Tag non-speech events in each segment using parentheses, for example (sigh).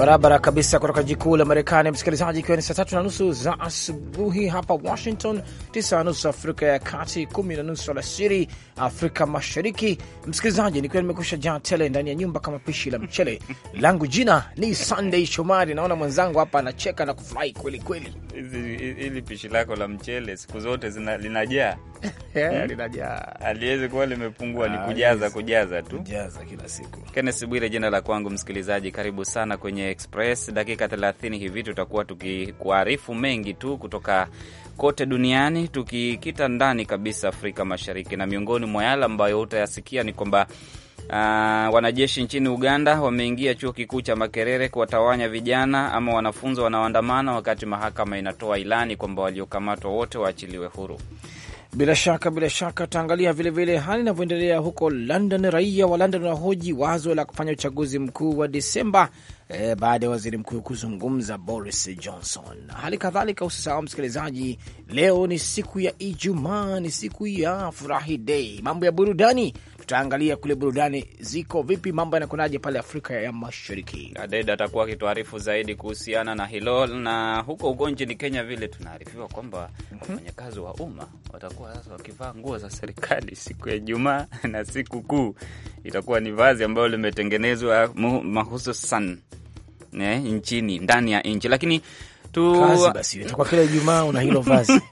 Barabara kabisa kutoka jikuu la Marekani, msikilizaji, ikiwa ni saa tatu na nusu za asubuhi hapa Washington, tisa na nusu Afrika ya Kati, kumi na nusu alasiri Afrika Mashariki. Msikilizaji, nikiwa nimekusha jaa tele ndani ya nyumba kama pishi la mchele (laughs) langu. Jina ni Sunday Shomari. Naona mwenzangu hapa anacheka na kufurahi kweli kweli. Hili pishi lako la mchele siku zote linajaa (laughs) eh, hmm? aliwezi kuwa limepungua, ni ah, kujaza kujaza tu, kujaza kila siku. Kenneth Bwire jina la kwangu, msikilizaji, karibu sana kwenye Express dakika 30 hivi, tutakuwa tukikuarifu mengi tu kutoka kote duniani, tukikita ndani kabisa Afrika Mashariki, na miongoni mwa yale ambayo utayasikia ni kwamba Uh, wanajeshi nchini Uganda wameingia chuo kikuu cha Makerere kuwatawanya vijana ama wanafunzi wanaoandamana, wakati mahakama inatoa ilani kwamba waliokamatwa wote waachiliwe huru. Bila shaka bila shaka, taangalia vilevile hali inavyoendelea huko London. Raia wa London wanahoji wazo la kufanya uchaguzi mkuu wa Desemba eh, baada ya waziri mkuu kuzungumza Boris Johnson. Hali kadhalika, usisahau msikilizaji, leo ni siku ya Ijumaa, ni siku ya furahi dei, mambo ya burudani tutaangalia kule burudani ziko vipi, mambo yanakunaje pale Afrika ya Mashariki. Adeda atakuwa akituarifu zaidi kuhusiana na hilo, na huko huko nchini Kenya vile tunaarifiwa kwamba mhm. wafanyakazi wa umma watakuwa sasa wakivaa nguo za serikali siku ya Ijumaa (laughs) na siku kuu itakuwa ni vazi ambayo limetengenezwa mahususan nchini ndani ya nchi, lakini tu... kazi basi itakuwa kila Ijumaa una hilo vazi (laughs)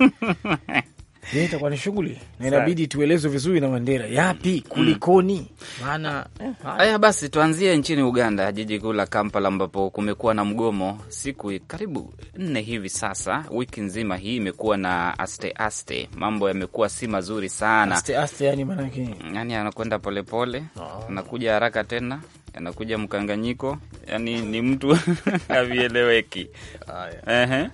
Hii itakuwa ni shughuli na inabidi tuelezwe vizuri na Mandera, yapi mm. kulikoni? Maana haya, basi tuanzie nchini Uganda, jiji kuu la Kampala, ambapo kumekuwa na mgomo siku karibu nne hivi sasa. Wiki nzima hii imekuwa na aste aste, mambo yamekuwa si mazuri sana. Aste aste yani yani anakwenda polepole, ah. anakuja haraka tena anakuja mkanganyiko, yani ni mtu (laughs) havieleweki. Haya. Uh -huh.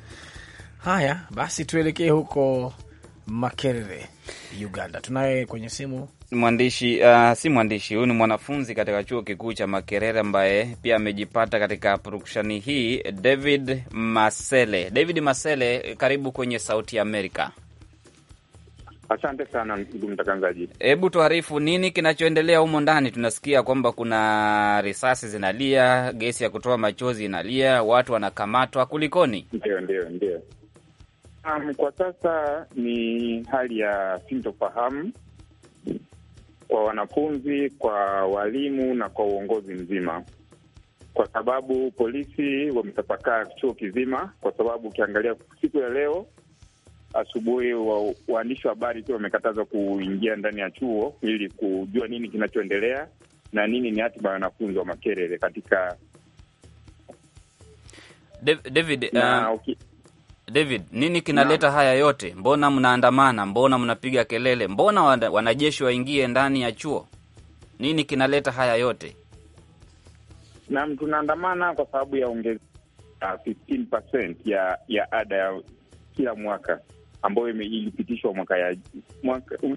Haya basi tuelekee huko Makerere, Uganda. Tunaye kwenye simu mwandishi uh, si mwandishi huyu, ni mwanafunzi katika chuo kikuu cha Makerere ambaye pia amejipata katika prokushani hii, David Masele. David Masele, karibu kwenye Sauti ya Amerika. Asante sana ndugu mtangazaji. Hebu tuharifu nini kinachoendelea humo ndani? Tunasikia kwamba kuna risasi zinalia, gesi ya kutoa machozi inalia, watu wanakamatwa, kulikoni? Ndio, ndio, ndio. Um, kwa sasa ni hali ya sintofahamu kwa wanafunzi, kwa walimu na kwa uongozi mzima, kwa sababu polisi wametapakaa chuo kizima, kwa sababu ukiangalia siku ya leo asubuhi wa, waandishi wa habari pia wamekatazwa kuingia ndani ya chuo ili kujua nini kinachoendelea na nini ni hatima ya wanafunzi wa Makerere katika David, na, uh, ah, okay. David, nini kinaleta haya yote? Mbona mnaandamana? Mbona mnapiga kelele? Mbona wanajeshi waingie ndani ya chuo? Nini kinaleta haya yote? Naam, tunaandamana kwa sababu ya ongezeko uh, ah, ya ya ada ya kila mwaka ambayo ilipitishwa mwaka um,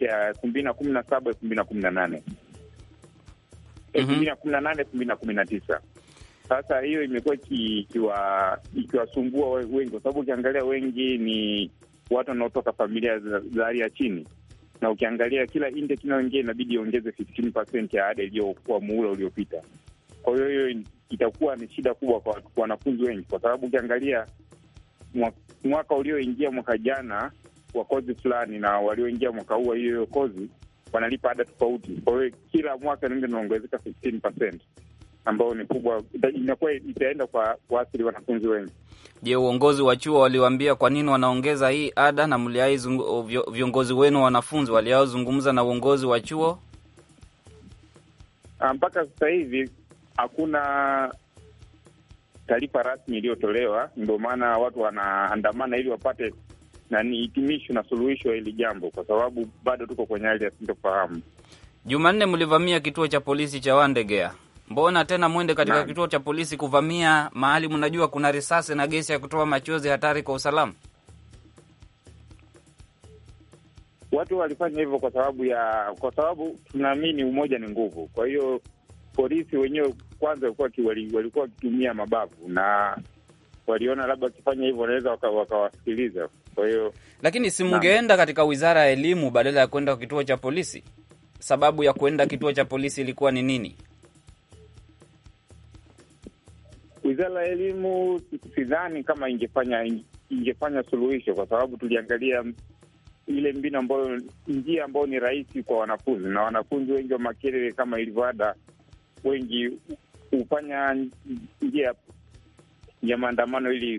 ya elfu mbili na kumi na saba elfu mbili na kumi na nane mhm. elfu mbili na kumi na nane elfu mbili na kumi na tisa sasa hiyo imekuwa ikiwasumbua wengi, kwa sababu ukiangalia wengi ni watu wanaotoka familia za hali ya chini, na ukiangalia kila index inayoingia inabidi iongeze 15% ya ada iliyokuwa muhula uliopita. Kwa hiyo hiyo itakuwa ni shida kubwa kwa wanafunzi wengi, kwa sababu ukiangalia mwaka ulioingia mwaka jana wa kozi fulani na walioingia mwaka huu hiyo hiyo kozi wanalipa ada tofauti. Kwa hiyo kila mwaka inaongezeka 15% ambayo ni kubwa, inakuwa itaenda kwa kuathiri wanafunzi wengi. Je, uongozi wa chuo waliwaambia kwa nini wanaongeza hii ada? Na mliai viongozi wenu wanafunzi waliaozungumza na uongozi wa chuo? Ah, mpaka sasa hivi hakuna taarifa rasmi iliyotolewa, ndio maana watu wanaandamana ili wapate nani hitimisho na suluhisho hili jambo, kwa sababu bado tuko kwenye hali ya sintofahamu. Jumanne mlivamia kituo cha polisi cha Wandegea mbona tena mwende katika kituo cha polisi kuvamia mahali mnajua kuna risasi na gesi ya kutoa machozi hatari kwa usalama? Watu walifanya hivyo kwa sababu ya, kwa sababu tunaamini umoja ni nguvu. Kwa hiyo polisi wenyewe kwanza walikuwa wakitumia mabavu na waliona labda wakifanya hivyo wanaweza wakawasikiliza waka, kwa hiyo lakini si katika wizara ya elimu badala ya kwenda kituo cha polisi? Sababu ya kuenda kituo cha polisi ilikuwa ni nini? wizara ya elimu sidhani kama ingefanya ingefanya suluhisho, kwa sababu tuliangalia ile mbinu ambayo, njia ambayo ni rahisi kwa wanafunzi, na wanafunzi wengi wa Makerere kama ilivyoada, wengi hufanya njia ya maandamano ili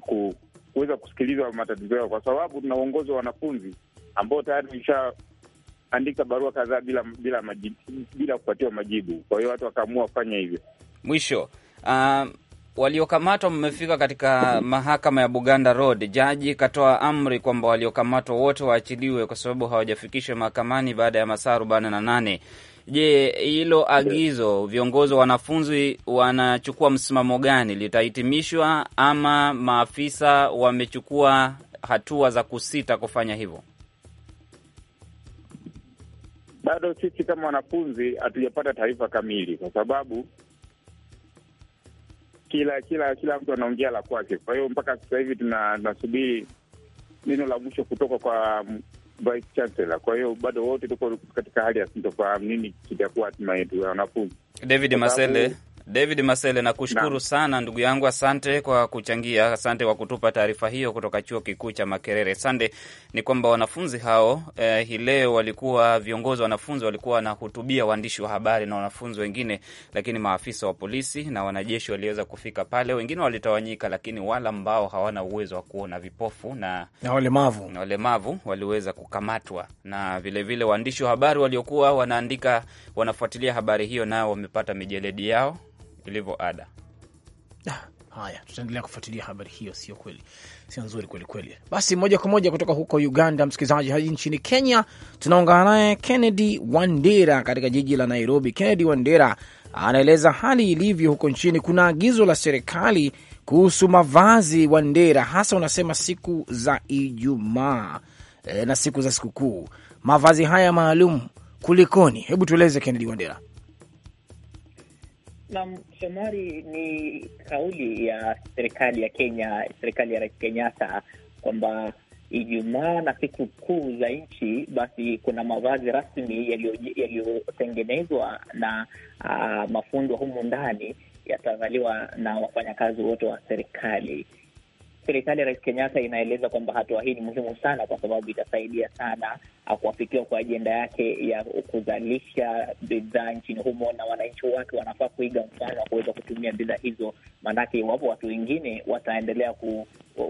kuweza kusikilizwa matatizo yao, kwa sababu tuna uongozi wa wanafunzi ambao tayari ulishaandika barua kadhaa bila bila majibu, bila kupatiwa majibu. Kwa hiyo watu wakaamua kufanya hivyo mwisho uh waliokamatwa mmefika katika mahakama ya Buganda Road. Jaji katoa amri kwamba waliokamatwa wote waachiliwe kwa sababu hawajafikishwa mahakamani baada ya masaa arobaini na nane. Je, hilo agizo, viongozi wa wanafunzi wanachukua msimamo gani? Litahitimishwa ama maafisa wamechukua hatua za kusita kufanya hivyo? Bado sisi kama wanafunzi hatujapata taarifa kamili, kwa sababu kila kila kila mtu anaongea la kwake. Kwa hiyo mpaka sasa hivi tunasubiri neno la mwisho kutoka kwa vice chancellor. Kwa hiyo bado wote tuko katika hali ya sintofahamu nini kitakuwa hatima yetu ya wanafunzi. David Masele David Masele, nakushukuru na sana ndugu yangu, asante kwa kuchangia, asante kwa kutupa taarifa hiyo kutoka chuo kikuu cha Makerere. Sande, ni kwamba wanafunzi hao eh, hii leo walikuwa viongozi wa wanafunzi walikuwa wanahutubia waandishi wa habari na wanafunzi wengine, lakini maafisa wa polisi na wanajeshi waliweza kufika pale. Wengine walitawanyika, lakini wale ambao hawana uwezo wa kuona, vipofu na, na walemavu na walemavu waliweza kukamatwa, na vilevile waandishi wa habari waliokuwa wanaandika, wanafuatilia habari hiyo, nao wamepata mijeledi yao ilivyo ada. Ah, haya, tutaendelea kufuatilia habari hiyo. Sio kweli, sio nzuri kweli kweli. Basi moja kwa moja kutoka huko Uganda, msikilizaji, hadi nchini Kenya, tunaungana naye Kennedy Wandera katika jiji la Nairobi. Kennedy Wandera anaeleza hali ilivyo huko nchini. Kuna agizo la serikali kuhusu mavazi, Wandera, hasa unasema siku za Ijumaa e, na siku za sikukuu, mavazi haya maalum, kulikoni? Hebu tueleze Kennedy Wandera. Naam, Shomari, ni kauli ya serikali ya Kenya, serikali ya Rais Kenyatta kwamba Ijumaa na siku kuu za nchi, basi kuna mavazi rasmi yaliyotengenezwa na uh, ah, mafundwa humu ndani yatavaliwa na wafanyakazi wote wa serikali serikali ya Rais Kenyatta inaeleza kwamba hatua hii ni muhimu sana, kwa sababu itasaidia sana uh, kuafikiwa kwa ajenda yake ya kuzalisha bidhaa nchini humo, na wananchi wake wanafaa kuiga mfano wa kuweza kutumia bidhaa hizo, maanake iwapo watu wengine wataendelea ku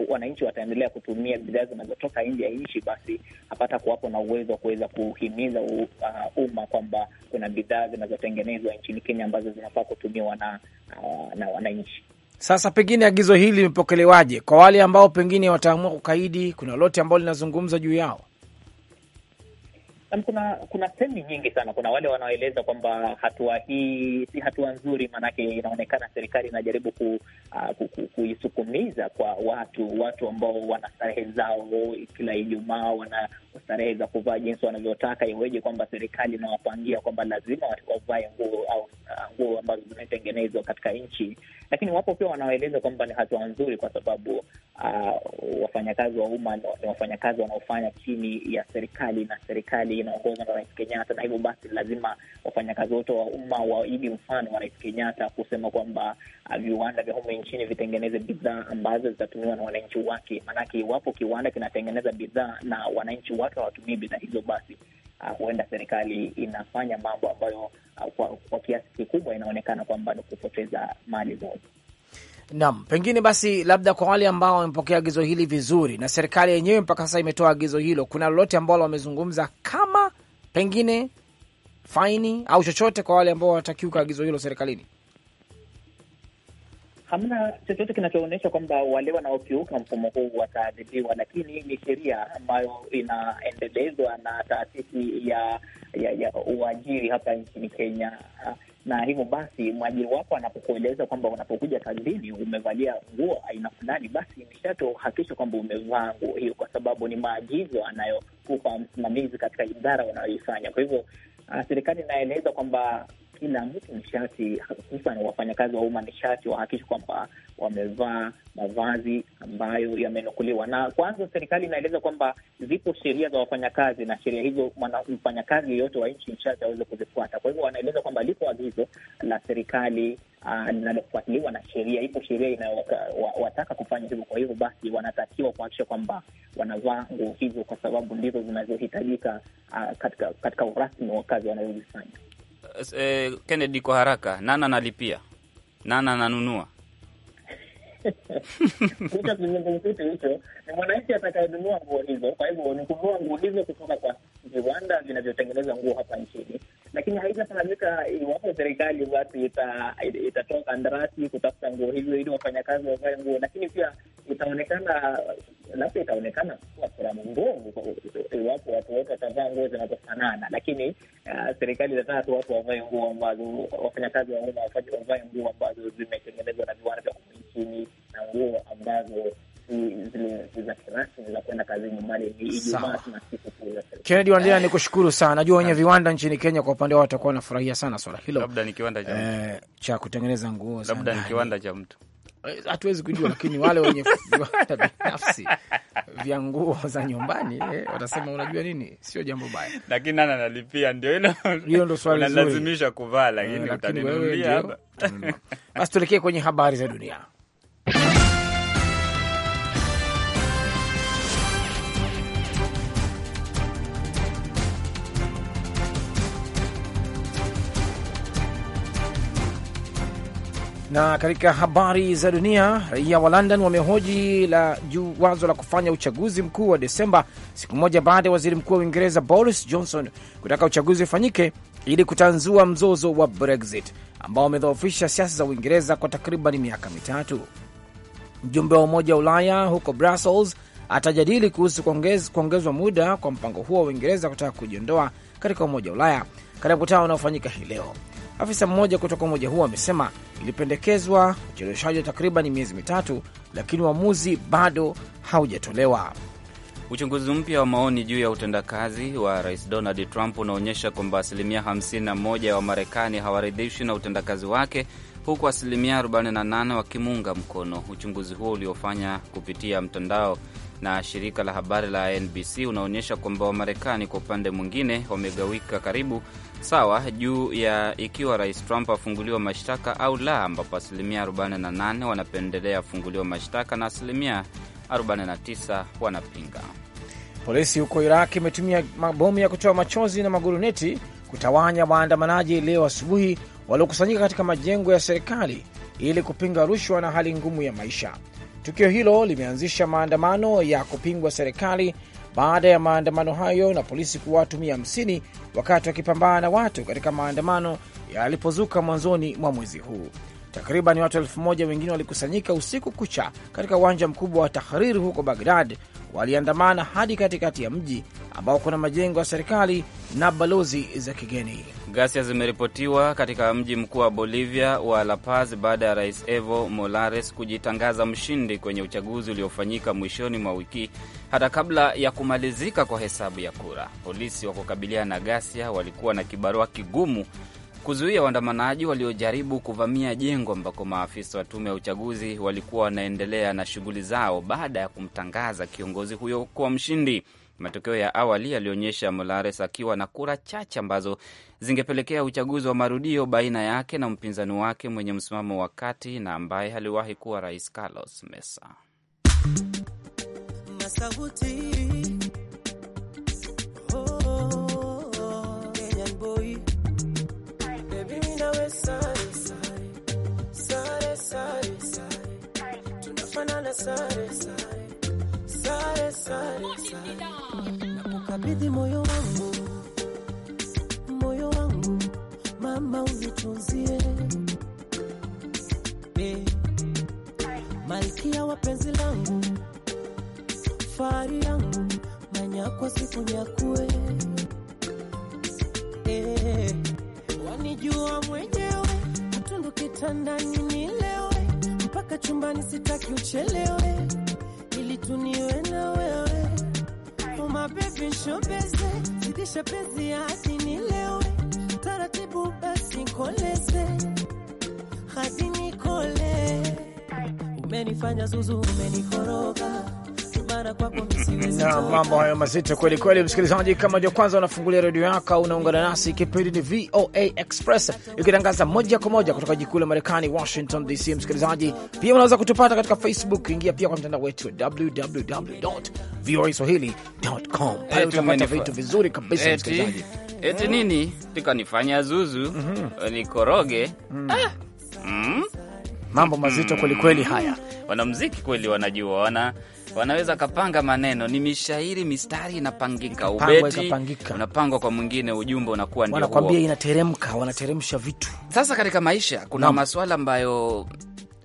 wananchi wataendelea kutumia bidhaa zinazotoka nje ya nchi, basi hapata kuwapo na uwezo wa kuweza kuhimiza uh, umma uh, kwamba kuna bidhaa zinazotengenezwa nchini Kenya ambazo zinafaa kutumiwa na uh, na wananchi. Sasa pengine agizo hili limepokelewaje kwa wale ambao pengine wataamua kukaidi? Kuna lolote ambalo linazungumza juu yao? Kuna kuna semi nyingi sana. Kuna wale wanaoeleza kwamba hatua hii si hatua nzuri, maanake inaonekana serikali inajaribu ku, uh, ku, ku, kuisukumiza kwa watu watu ambao wana starehe zao kila Ijumaa, wana starehe za kuvaa jinsi wanavyotaka, iweje kwamba serikali inawapangia kwamba lazima wavae nguo au ah, nguo ambazo zimetengenezwa katika nchi. Lakini wapo pia wanaoeleza kwamba ni hatua nzuri kwa sababu uh, wafanyakazi wa umma ni wafanyakazi wanaofanya chini ya serikali na serikali inaongozwa na Rais Kenyatta, na hivyo basi lazima wafanyakazi wote wa umma waige mfano wa Rais Kenyatta kusema kwamba uh, viwanda vya humu nchini vitengeneze bidhaa ambazo zitatumiwa na wananchi wake. Maanake iwapo kiwanda kinatengeneza bidhaa na wananchi wake hawatumii bidhaa hizo, basi uh, huenda serikali inafanya mambo ambayo uh, kwa, kwa kiasi kikubwa inaonekana kwamba ni kupoteza mali zao. Naam, pengine basi, labda kwa wale ambao wamepokea agizo hili vizuri na serikali yenyewe mpaka sasa imetoa agizo hilo, kuna lolote ambalo wamezungumza kama pengine faini au chochote kwa wale ambao watakiuka agizo hilo serikalini? Hamna chochote kinachoonyesha kwamba wale wanaokiuka mfumo huu wataadhibiwa, lakini ni sheria ambayo inaendelezwa na taasisi ya, ya, ya uajiri hapa nchini Kenya na hivyo basi mwajiri wako anapokueleza kwamba unapokuja kazini umevalia nguo aina fulani, basi hakikisha kwamba umevaa nguo hiyo, kwa sababu ni maagizo anayokupa msimamizi katika idara unayoifanya. Kwa hivyo ah, serikali inaeleza kwamba kila mtu nishati, hususan wafanyakazi wa umma, nishati wahakikisha kwamba wamevaa mavazi ambayo yamenukuliwa. Na kwanza, serikali inaeleza kwamba zipo sheria za wafanyakazi na sheria hizo mfanyakazi yeyote wa nchi nishati aweze kuzifuata. Kwa hivyo, wanaeleza kwamba lipo agizo la serikali ah, linalofuatiliwa na sheria. Ipo sheria inayowataka kufanya hivyo. Kwa hivyo basi, wanatakiwa kuhakikisha kwamba wanavaa nguo hizo, kwa sababu ndizo zinazohitajika ah, katika, katika urasmi wa kazi wanazozifanya eh, Kennedy, kwa haraka, nana analipia, nana ananunua hicho kizungumkuti hicho ni mwananchi atakayenunua nguo hizo. Kwa hivyo ni kunua nguo hizo kutoka kwa viwanda vinavyotengeneza nguo hapa nchini, lakini haitafahamika iwapo serikali basi itatoa ita kandarasi kutafuta nguo hizo ili wafanyakazi wavae nguo, lakini pia itaonekana labda itaonekana kuwa seramu ngumu iwapo watu wote watavaa nguo zinazofanana, lakini uh, serikali itataka tu watu wavae nguo ambazo wafanyakazi wa umma wavae nguo ambazo zimetengenezwa na viwanda vya humu nchini na nguo ambazo zile Kennedy Wandera, eh. ni kushukuru sana. Najua wenye viwanda nchini Kenya kwa upande wao watakuwa wanafurahia sana swala hilo, labda ni kiwanda cha eh, cha kutengeneza nguo, labda ni kiwanda cha mtu eh, hatuwezi kujua, lakini wale wenye (laughs) viwanda binafsi vya nguo za nyumbani eh, watasema unajua nini, sio jambo baya, lakini nani analipia? Ndio hilo hilo, ndo swali zuri, unalazimisha kuvaa, lakini eh, utaninunulia hapa. Mm. Basi tuelekee kwenye habari za dunia. Na katika habari za dunia, raia wa London wamehoji la juu wazo la kufanya uchaguzi mkuu wa Desemba, siku moja baada ya waziri mkuu wa Uingereza Boris Johnson kutaka uchaguzi ufanyike ili kutanzua mzozo wa Brexit ambao umedhoofisha siasa za Uingereza kwa takriban miaka mitatu. Mjumbe wa Umoja wa Ulaya huko Brussels atajadili kuhusu kuongezwa muda kwa mpango huo wa Uingereza kutaka kujiondoa katika Umoja wa Ulaya katika mkutano unaofanyika hii leo. Afisa mmoja kutoka umoja huo amesema ilipendekezwa ucheleweshaji wa takriban miezi mitatu, lakini uamuzi bado haujatolewa. Uchunguzi mpya wa maoni juu ya utendakazi wa rais Donald Trump unaonyesha kwamba asilimia 51 ya Wamarekani hawaridhishwi na utendakazi wake huku asilimia 48 wakimuunga mkono. Uchunguzi huo uliofanya kupitia mtandao na shirika la habari la NBC unaonyesha kwamba Wamarekani kwa upande mwingine wamegawika karibu sawa juu ya ikiwa Rais Trump afunguliwa mashtaka au la, ambapo asilimia 48 wanapendelea afunguliwa mashtaka na asilimia 49 wanapinga. Polisi huko Iraq imetumia mabomu ya kutoa machozi na maguruneti kutawanya waandamanaji leo asubuhi waliokusanyika katika majengo ya serikali ili kupinga rushwa na hali ngumu ya maisha. Tukio hilo limeanzisha maandamano ya kupingwa serikali baada ya maandamano hayo na polisi kuwa watu mia wakati wakipambana na watu katika maandamano yalipozuka mwanzoni mwa mwezi huu. Takriban watu elfu moja wengine walikusanyika usiku kucha katika uwanja mkubwa wa Tahariri huko Bagdad. Waliandamana hadi katikati ya mji ambao kuna majengo ya serikali na balozi za kigeni. Ghasia zimeripotiwa katika mji mkuu wa Bolivia wa La Paz baada ya rais Evo Morales kujitangaza mshindi kwenye uchaguzi uliofanyika mwishoni mwa wiki, hata kabla ya kumalizika kwa hesabu ya kura. Polisi wa kukabiliana na ghasia walikuwa na kibarua kigumu kuzuia waandamanaji waliojaribu kuvamia jengo ambako maafisa wa tume ya uchaguzi walikuwa wanaendelea na shughuli zao baada ya kumtangaza kiongozi huyo kuwa mshindi. Matokeo ya awali yalionyesha Morales akiwa na kura chache ambazo zingepelekea uchaguzi wa marudio baina yake na mpinzani wake mwenye msimamo wa kati na ambaye aliwahi kuwa rais Carlos Mesa. Oh, sare, sare, sare, sare, sare, sare. Kabidhi moyo wangu, moyo wangu mama, unitunzie hey. Malkia wa penzi langu, fahari yangu, manyakwa siku nyakue hey. Wanijua mwenyewe, utundu kitandani nilewe, mpaka chumbani sitaki uchelewe, ili tuniwe nawe mabibi shombeze, zidisha penzi hadi nilewe, taratibu basi koleze hadi kole umenifanya zuzu, umenikoroga na mambo hayo mazito kweli kweli, msikilizaji, kama ndio kwanza unafungulia redio yako, unaungana nasi. Kipindi ni VOA Express ikitangaza moja kwa moja kutoka jikuu la Marekani, Washington DC. Msikilizaji, pia unaweza kutupata katika Facebook, ingia pia kwa mtandao wetu wa www voa swahili.com, pale utapata vitu vizuri kabisa. Msikilizaji, eti mm. nini tukanifanya zuzu mm -hmm. nikoroge mm. Ah. Mm. mambo mazito kwelikweli, mm. haya wanamziki kweli wanajua wana wanaweza kapanga maneno, ni mishairi, mistari inapangika, ubeti unapangwa kwa mwingine, ujumbe unakuwa ndio wanakwambia inateremka, wanateremsha vitu. Sasa katika maisha kuna no. masuala ambayo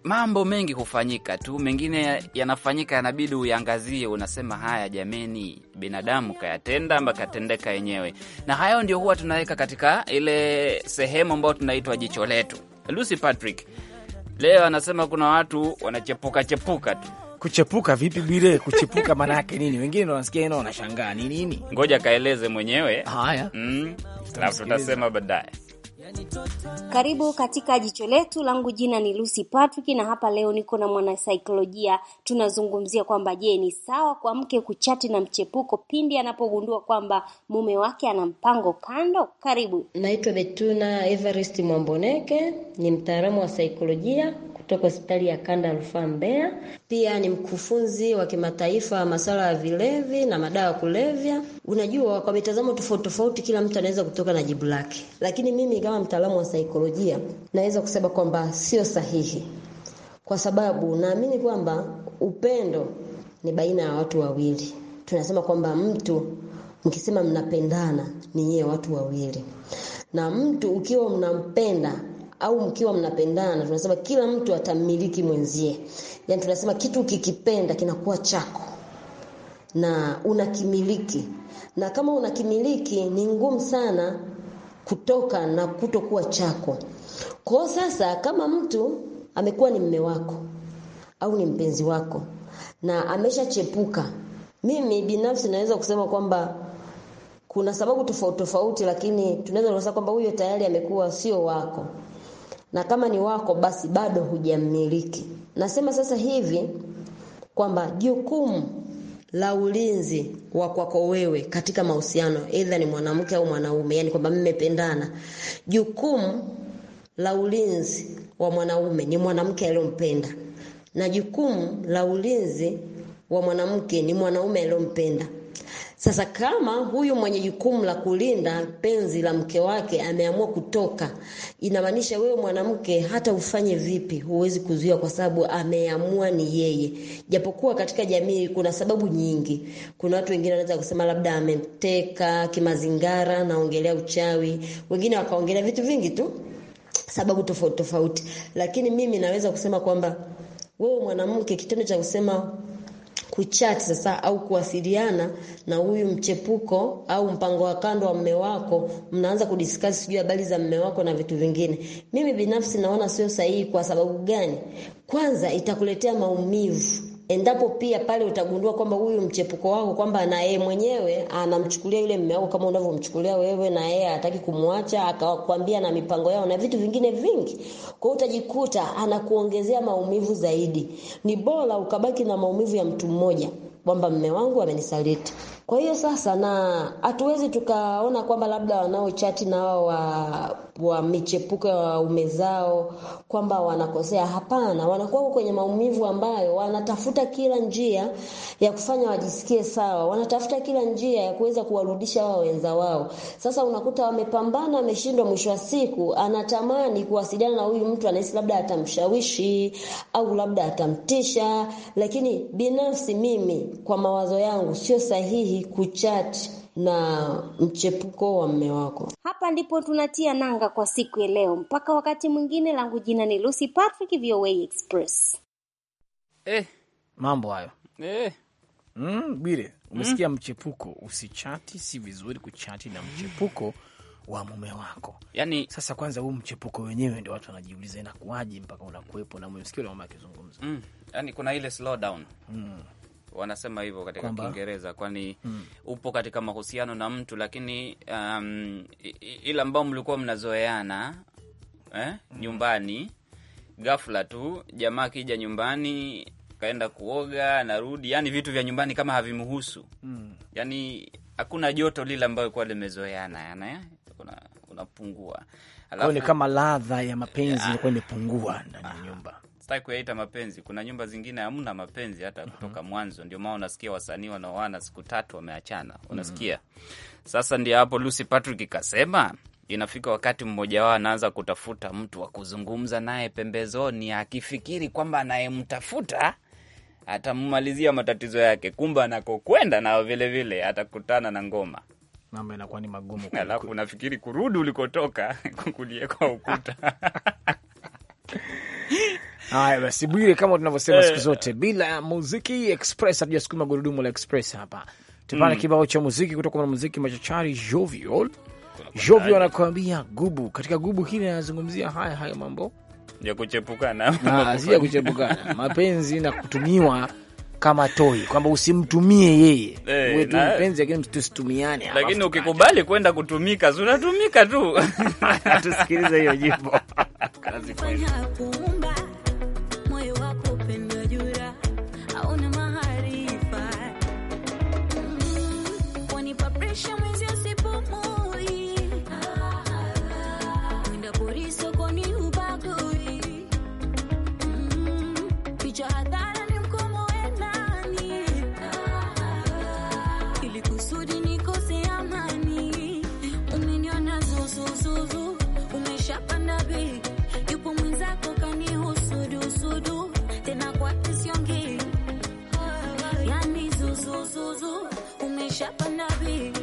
mambo mengi hufanyika tu, mengine yanafanyika, yanabidi uyangazie. Unasema haya, jameni, binadamu kayatenda ama katendeka yenyewe, na hayo ndio huwa tunaweka katika ile sehemu ambayo tunaitwa jicho letu. Lucy Patrick leo anasema kuna watu wanachepuka chepuka tu Kuchepuka vipi bire Kuchepuka maana yake nini? Wengine ndo wanasikia ino wanashangaa ni nini. Ngoja kaeleze mwenyewe. Haya, mm, na tutasema baadaye. Karibu katika jicho letu. Langu jina ni Lucy Patrick, na hapa leo niko na mwanasaikolojia. Tunazungumzia kwamba je, ni sawa kwa mke kuchati na mchepuko pindi anapogundua kwamba mume wake ana mpango kando? Karibu. Naitwa Betuna Everest Mwamboneke, ni mtaalamu wa saikolojia kutoka hospitali ya kanda ya rufaa Mbeya. Pia ni mkufunzi wa kimataifa wa masuala ya vilevi na madawa ya kulevya. Unajua, kwa mitazamo tofauti tofauti, kila mtu anaweza kutoka na jibu lake, lakini mimi kama kama mtaalamu wa saikolojia naweza kusema kwamba sio sahihi, kwa sababu naamini kwamba upendo ni baina ya watu wawili. Tunasema kwamba mtu mkisema mnapendana ni nyewe watu wawili, na mtu ukiwa mnampenda au mkiwa mnapendana, tunasema kila mtu atammiliki mwenzie. Yani tunasema kitu ukikipenda kinakuwa chako na unakimiliki, na kama unakimiliki ni ngumu sana kutoka na kutokuwa chako. Kwa sasa kama mtu amekuwa ni mme wako au ni mpenzi wako na ameshachepuka, mimi binafsi naweza kusema kwamba kuna sababu tofauti tofauti, lakini tunaweza kusema kwamba huyo tayari amekuwa sio wako, na kama ni wako basi bado hujamiliki. Nasema sasa hivi kwamba jukumu la ulinzi wa kwako wewe katika mahusiano, aidha ni mwanamke au mwanaume, yani kwamba mmependana. Jukumu la ulinzi wa mwanaume ni mwanamke aliyompenda, na jukumu la ulinzi wa mwanamke ni mwanaume aliyompenda. Sasa kama huyu mwenye jukumu la kulinda penzi la mke wake ameamua kutoka, inamaanisha wewe mwanamke, hata ufanye vipi, huwezi kuzuia, kwa sababu ameamua ni yeye. Japokuwa katika jamii kuna sababu nyingi, kuna watu wengine wanaweza kusema labda amemteka kimazingara, naongelea uchawi, wengine wakaongelea vitu vingi tu, sababu tofauti tofauti, lakini mimi naweza kusema kwamba wewe mwanamke, kitendo cha kusema kuchati sasa au kuwasiliana na huyu mchepuko au mpango wa kando wa mme wako, mnaanza kudiskasi sijui habari za mme wako na vitu vingine. Mimi binafsi naona sio sahihi. Kwa sababu gani? Kwanza itakuletea maumivu endapo pia pale utagundua kwamba huyu mchepuko wako kwamba na yeye mwenyewe anamchukulia yule mume wako kama unavyomchukulia wewe, na yeye hataki kumwacha, akakwambia na mipango yao na vitu vingine vingi. Kwa hiyo utajikuta anakuongezea maumivu zaidi. Ni bora ukabaki na maumivu ya mtu mmoja kwamba mme wangu amenisaliti. Kwa hiyo sasa, na hatuwezi tukaona kwamba labda wanaochati na wao wa wa michepuko ya waume zao kwamba wanakosea. Hapana, wanakuwa kwenye maumivu ambayo wanatafuta kila njia ya kufanya wajisikie sawa, wanatafuta kila njia ya kuweza kuwarudisha wao wenza wao. Sasa unakuta wamepambana, ameshindwa, mwisho wa siku anatamani kuwasiliana na huyu mtu, anahisi labda atamshawishi au labda atamtisha. Lakini binafsi mimi, kwa mawazo yangu, sio sahihi kuchati na mchepuko wa mme wako. Hapa ndipo tunatia nanga kwa siku ya leo, mpaka wakati mwingine. Langu jina ni Lucy Patrick, VOA Express. Eh, mambo hayo eh. Mm, bire mm. umesikia mm. Mchepuko, usichati, si vizuri kuchati na mchepuko wa mume wako. Yani, sasa kwanza huu mchepuko wenyewe ndio watu wanajiuliza inakuwaje mpaka unakuwepo na umemsikia mama akizungumza. Mm, yani kuna ile down mm wanasema hivyo katika Kiingereza, kwani mm. upo katika mahusiano na mtu lakini um, ila ambao mlikuwa mnazoeana eh, hmm. nyumbani, ghafla tu jamaa akija nyumbani kaenda kuoga narudi yani vitu vya nyumbani kama havimhusu mm. yani hakuna joto lile ambayo kuwa limezoeana yana eh, unapungua, alafu ni kama ladha ya mapenzi ah. ilikuwa imepungua ndani ya nyumba sitaki kuyaita mapenzi. Kuna nyumba zingine hamna mapenzi hata mhm. kutoka mm -hmm. mwanzo. Ndio maana unasikia wasanii wanaoana siku tatu wameachana, mhm. unasikia mm -hmm. Sasa ndio hapo Lucy Patrick ikasema inafika wakati mmoja wao anaanza kutafuta mtu wa kuzungumza naye pembezoni, akifikiri kwamba anayemtafuta atammalizia matatizo yake, kumbe anakokwenda nao vilevile atakutana na ngoma mambo inakuwa ni magumu. Alafu unafikiri kurudi ulikotoka (laughs) kuliekwa ukuta (laughs) Haya basi, Bwire, kama tunavyosema siku eh. zote, bila muziki express hatujasukuma gurudumu la express hapa. Tupate mm. kibao cha muziki kutoka kwa muziki machachari Jovial. Jovial anakuambia gubu. Katika gubu hili anazungumzia haya haya mambo ya kuchepukana, ah, si ya kuchepukana, (laughs) mapenzi na kutumiwa kama toi kwamba usimtumie yeye hey, eh, wewe tu mpenzi, lakini tusitumiane. Lakini ukikubali kwenda kutumika, unatumika tu. (laughs) Tusikilize hiyo jimbo (laughs) kazi kweli. ulikusudi nikose amani, umeniona zuzuzuzu, umeshapanda bei, yupo mwenzako kanihusudusudu tena kwake siongei, yani zuzuzuzu, umeshapanda bei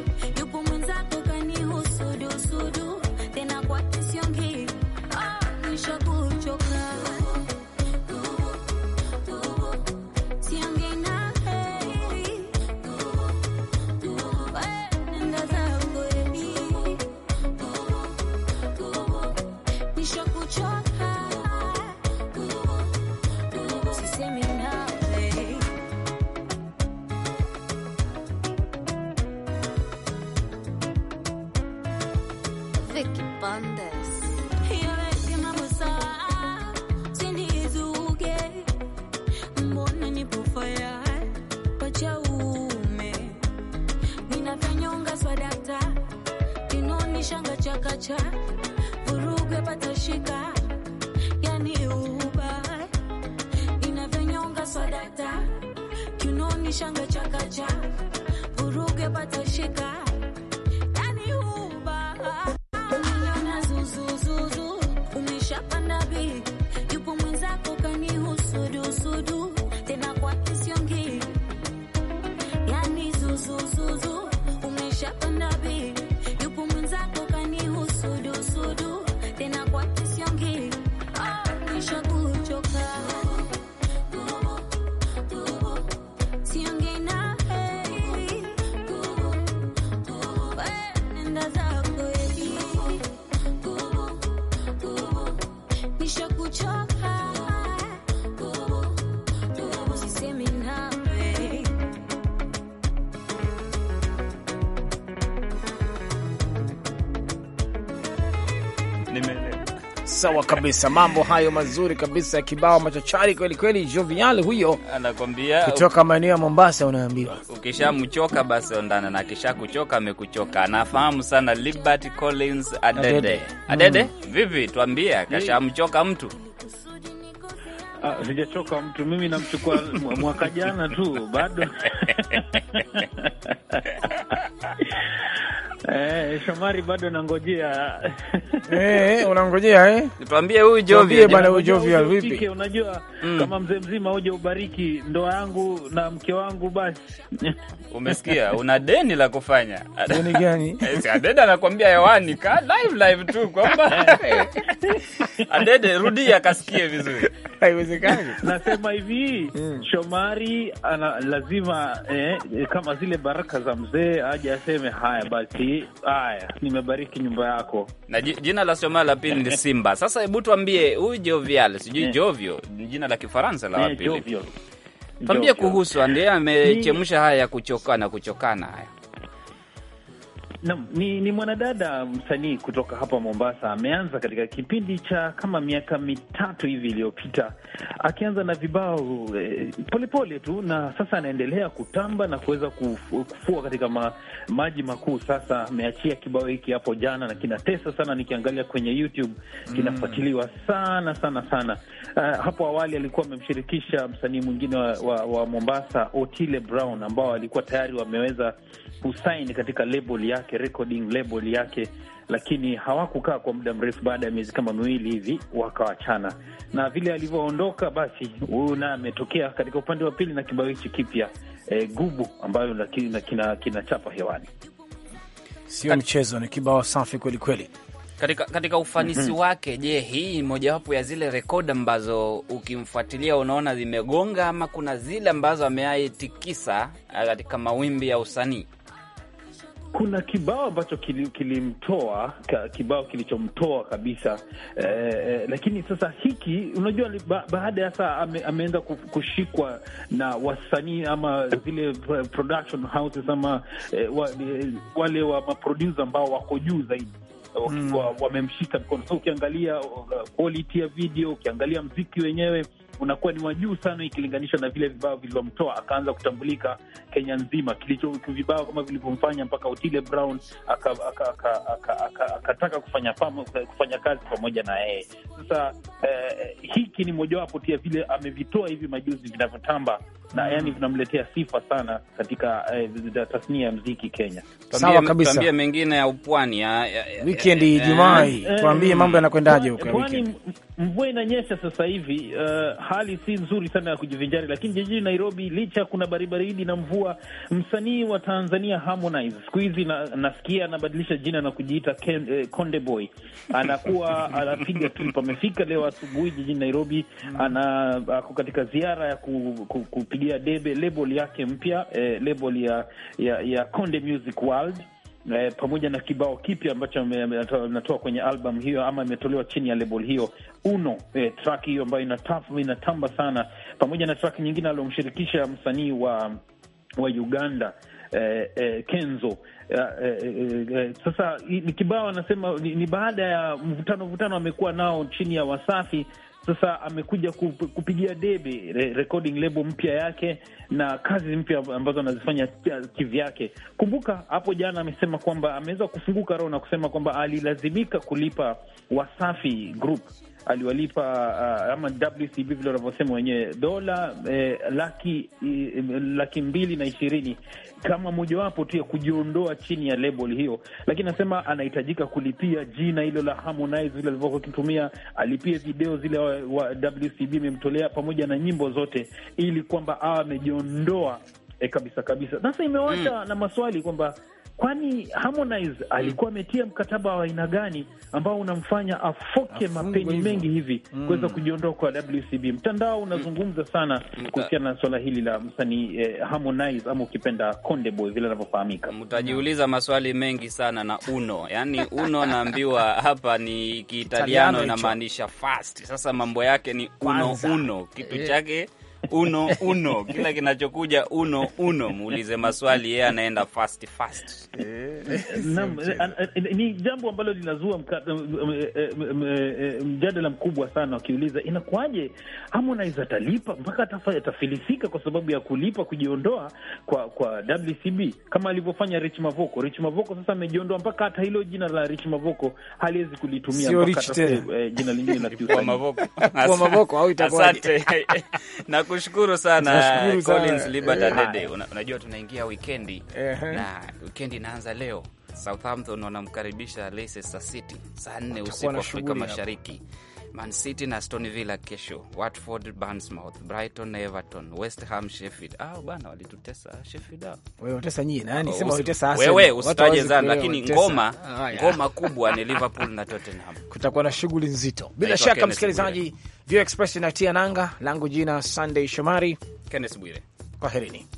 chocolate. sawa kabisa, mambo hayo mazuri kabisa ya kibao machachari kweli kweli. Jovial huyo anakwambia kutoka maeneo ya Mombasa, unaambiwa ukishamchoka basi ondana na, kisha kuchoka amekuchoka. Anafahamu sana Liberty Collins Adede Adede, mm. Adede? Mm. Vipi, tuambie kashamchoka mtu ah, Sijachoka mtu mimi namchukua mwaka jana tu bado (laughs) Eh, eh, Shomari bado nangojea. (laughs) Eh, eh, unangojea eh? Nipambie huyu Jovial. Bwana huyu Jovial vipi? Unajua mm. kama mzee mzima uje ubariki ndoa yangu na mke wangu basi. (laughs) Umesikia, una deni la kufanya. Deni gani? (laughs) Eh, Adede anakuambia hewani ka live live tu kwamba eh. Adede rudia kasikie vizuri haiwezekani. (laughs) Nasema hivi mm. Shomari ana lazima eh, eh, kama zile baraka za mzee aje aseme haya basi, haya nimebariki nyumba yako. Na jina la Shomari la pili ni (laughs) Simba. Sasa hebu tuambie huyu Jovial, sijui jovyo Jovio ni jina la Kifaransa la eh, pili. Tuambie kuhusu ndiye amechemsha haya ya kuchokana kuchokana haya Naam, ni, ni mwanadada msanii kutoka hapa Mombasa. Ameanza katika kipindi cha kama miaka mitatu hivi iliyopita, akianza na vibao polepole eh, pole tu, na sasa anaendelea kutamba na kuweza kufua katika ma, maji makuu. Sasa ameachia kibao hiki hapo jana na kinatesa sana, nikiangalia kwenye YouTube kinafuatiliwa mm. sana sana sana. Uh, hapo awali alikuwa amemshirikisha msanii mwingine wa, wa, wa Mombasa Otile Brown ambao alikuwa tayari wameweza kusain katika label yake, recording label yake, lakini hawakukaa kwa muda mrefu. Baada ya miezi kama miwili hivi wakawachana, na vile alivyoondoka, basi huyu naye ametokea katika upande wa pili na kibao hichi kipya e, gubu ambayo kinachapa kina, kina hewani. Sio mchezo, ni kibao safi kwelikweli katika, katika ufanisi mm -hmm. wake. Je, hii mojawapo ya zile rekodi ambazo ukimfuatilia unaona zimegonga ama kuna zile ambazo ameaitikisa eh, katika mawimbi ya usanii? kuna kibao ambacho kilimtoa kili kibao kilichomtoa kabisa eh, eh, lakini sasa hiki unajua ba, baada ya saa ame, ameanza kushikwa na wasanii ama zile production houses ama eh, wa, eh, wale wa maprodusa ambao wako juu zaidi hmm. wamemshika wa mkono. So ukiangalia uh, quality ya video, ukiangalia mziki wenyewe unakuwa ni wa juu sana ikilinganishwa na vile vibao vilivyomtoa akaanza kutambulika Kenya nzima, kilicho vibao kama vilivyomfanya mpaka Otile Brown akataka aka, aka, aka, aka, aka kufanya, kufanya kazi pamoja na yeye. Sasa eh, hiki ni mojawapo pia vile amevitoa hivi majuzi vinavyotamba na yani vinamletea sifa sana katika eh, tasnia ya mziki Kenya. Sawa kabisa. Tuambie mengine ya upwani ya, ya, ya, weekend Ijumaa hii eh, tuambie eh, mambo yanakwendaje huko pwani. Mvua inanyesha sasa hivi, uh, hali si nzuri sana ya kujivinjari, lakini jijini Nairobi licha kuna baribaridi na mvua, msanii wa Tanzania Harmonize siku hizi na, nasikia anabadilisha jina na kujiita eh, Konde Boy, anakuwa (laughs) anapiga trip. Amefika leo asubuhi jijini Nairobi, ana ako katika ziara ya ku, ku, ku, kupigia debe label yake mpya eh, label ya, ya, ya Konde Music World eh, pamoja na kibao kipya ambacho ametoa kwenye albamu hiyo ama imetolewa chini ya label hiyo Uno, eh, track hiyo ambayo inatamba, inatamba sana pamoja na track nyingine aliomshirikisha msanii wa wa Uganda eh, eh, Kenzo eh, eh, eh, eh sasa ni kibao anasema ni, ni baada ya mvutano mvutano amekuwa nao chini ya Wasafi sasa amekuja kupigia debe recording label mpya yake na kazi mpya ambazo anazifanya kivyake. Kumbuka hapo jana amesema kwamba ameweza kufunguka roho na kusema kwamba alilazimika kulipa Wasafi Group aliwalipa uh, ama WCB vile wanavyosema wenyewe dola eh, laki, eh, laki mbili na ishirini kama mojawapo tu ya kujiondoa chini ya label hiyo, lakini anasema anahitajika kulipia jina hilo la Harmonize vile alivyokuwa akitumia, alipie video zile wa, wa WCB imemtolea pamoja na nyimbo zote, ili kwamba awa amejiondoa eh, kabisa kabisa. Sasa imewacha mm. na maswali kwamba kwani Harmonize mm. alikuwa ametia mkataba wa aina gani ambao unamfanya afoke mapeni mengi hivi mm, kuweza kujiondoa kwa WCB? Mtandao unazungumza sana mm. kuhusiana na swala hili la msanii eh, Harmonize ama ukipenda Konde Boy vile anavyofahamika. Mtajiuliza maswali mengi sana na uno, yaani uno naambiwa hapa ni Kiitaliano inamaanisha fast. Sasa mambo yake ni uno, uno kitu eh. chake uno uno, kila kinachokuja uno uno, muulize maswali, yeye anaenda fast fast. Eh. Ni jambo ambalo linazua eh, eh, mjadala mkubwa sana, wakiuliza inakuwaje Harmonize atalipa mpaka atafilisika kwa sababu ya kulipa kujiondoa kwa kwa WCB kama alivyofanya Rich Mavoko. Rich Mavoko sasa amejiondoa mpaka hata hilo jina la Rich Mavoko haliwezi kulitumia mpaka jina lingine la Mavoko. Asante. (laughs) Tunakushukuru sana Collins Liberty Dede. Unajua tunaingia wikendi na wikendi inaanza leo. Southampton wanamkaribisha Leicester City saa 4 usiku Afrika Mashariki. Man City na Aston Villa kesho, Watford Bournemouth, Brighton Everton, West Ham Sheffield. Ah bana, walitutesa Sheffield. Ah. Wewe utesa nyinyi nani? Oh, Sema utesa hasa wewe, usitaje zana lakini ngoma ah, ngoma kubwa ni Liverpool na Tottenham. (laughs) Kutakuwa na shughuli nzito bila shaka. Msikilizaji, View Express inatia nanga langu, jina Sunday Shomari, Kenneth Bwire, kwaherini.